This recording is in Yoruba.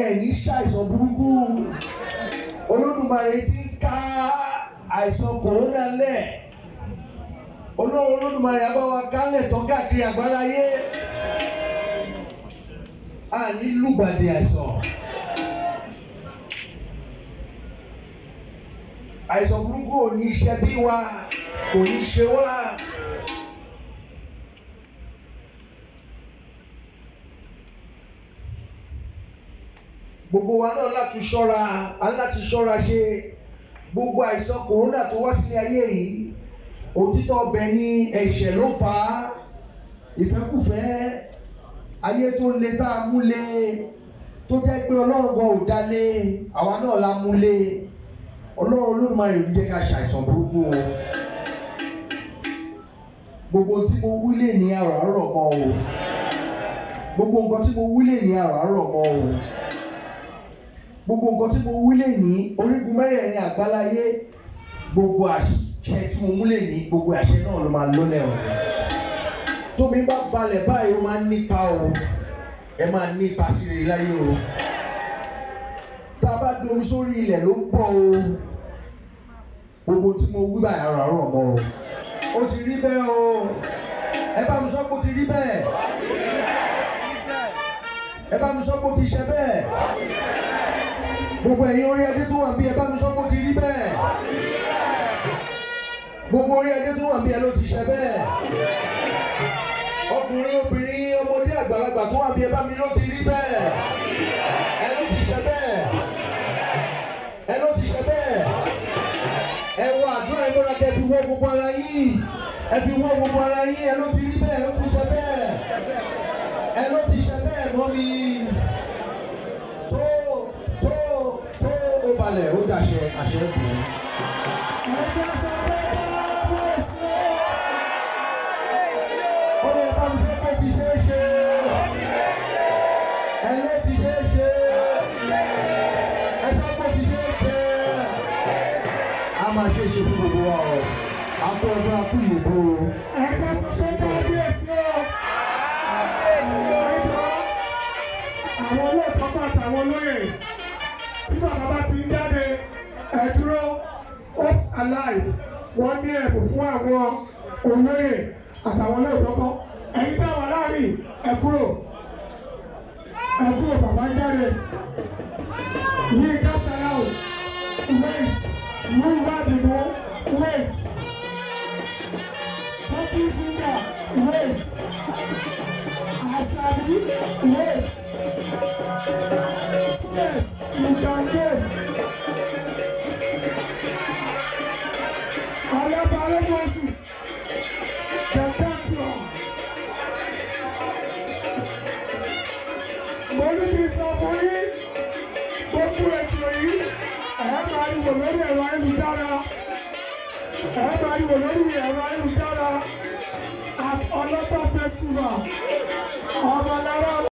ẹ̀yin ṣàìsàn burúkú olódùmarè ti ń ká àìsàn kòrónà lẹ̀ olówó olódùmarè abáwa kálẹ̀ tán káàkiri àgbáláyé a ní lùgbàdì àìsàn. àìsàn burúkú ò ní ṣe bí wa kò ní ṣe wá. gbogbo wa náà láti ṣọ́ra láti ṣọ́ra ṣe gbogbo àìsàn kòrónà tó wá sílé ayé yìí òtítọ́ ọbẹ̀ ni ẹ̀ṣẹ̀ ló fà á ìfẹ́kùfẹ́ ayé tó le tá a mú le tó jẹ́ pé ọlọ́run gan ò dálé àwa náà la mú le ọlọ́run olódùmarè ló jẹ́ ká ṣàìsàn burúkú o gbogbo tí mo wí ní àràárọ̀ mọ́ o gbogbo nǹkan tí mo wí ní àràárọ̀ mọ́ o gbogbo nǹkan tí mo wílé ní orígun mẹ́rẹ̀ẹ̀rin àgbáláyé gbogbo àṣẹ tí mo múlẹ̀ ní gbogbo àṣẹ náà ló máa lọ́lẹ̀ o tómi bá balẹ̀ báyìí ó máa ń nípa o ẹ máa ní ipa sí rere láyé o tá a bá domi sórí ilẹ̀ ló ń pọ̀ o gbogbo tí mo wí báyìí ara rọ̀ mọ́ o ó ti rí bẹ́ẹ̀ o ẹ bá mi sọ pé ó ti rí bẹ́ẹ̀ ẹ bá mi sọ pé ó ti ṣe bẹ́ẹ̀ gbogbo ẹ̀yin orí adé tó wà bí ẹ bá mi sọ pé ó ti rí bẹ́ẹ̀ gbogbo orí adé tó wà bí ẹ ló ti ṣe bẹ́ẹ̀ ọkùnrin obìnrin ọmọdé àgbàlagbà tó wà bí ẹ bá mi ló ti rí bẹ́ẹ̀ ẹ ló ti ṣe bẹ́ẹ̀ ẹ ló ti ṣe bẹ́ẹ̀ ẹ wọ àdúrà ìmúra kẹ wọ gbogbo ara yìí ẹ fi wọ gbogbo ara yìí ẹ ló ti rí bẹ́ẹ̀ ẹ ló ti ṣe bẹ́ẹ̀ ẹ ló ti ṣe bẹ́ẹ̀ mọ́ mi. balẹ̀ ó dàṣẹ àṣẹ bù ú. ó lè bá mi ṣe pé ti ṣe é ṣe. ẹ̀yẹ́ ti ṣe é ṣe. ẹ̀ṣọ́ pé ti ṣe é ṣe. a máa ṣe é ṣe fún gbogbo wa o. a kó ẹgbẹ́ akú ẹ dúró hope alive wọ́n ní ẹ̀bùn fún àwọn olóyè àtàwọn olóòtọ́kọ́ ẹ̀yin táwọn aláàárín ẹ kúrò ẹ kúrò bàbá jáde Yínká Sayao wait Yorùbá dìbò wait tọ́kì fúnjà wait Àṣàbí wait yes you can get. ti sọ fún yín gbogbo ètò yìí ẹ̀ máa ń wò lórí ẹ̀rọ ayélujára ẹ̀ máa ń wò lórí ẹ̀rọ ayélujára at ọlọ́tọ̀ festival ọmọlára.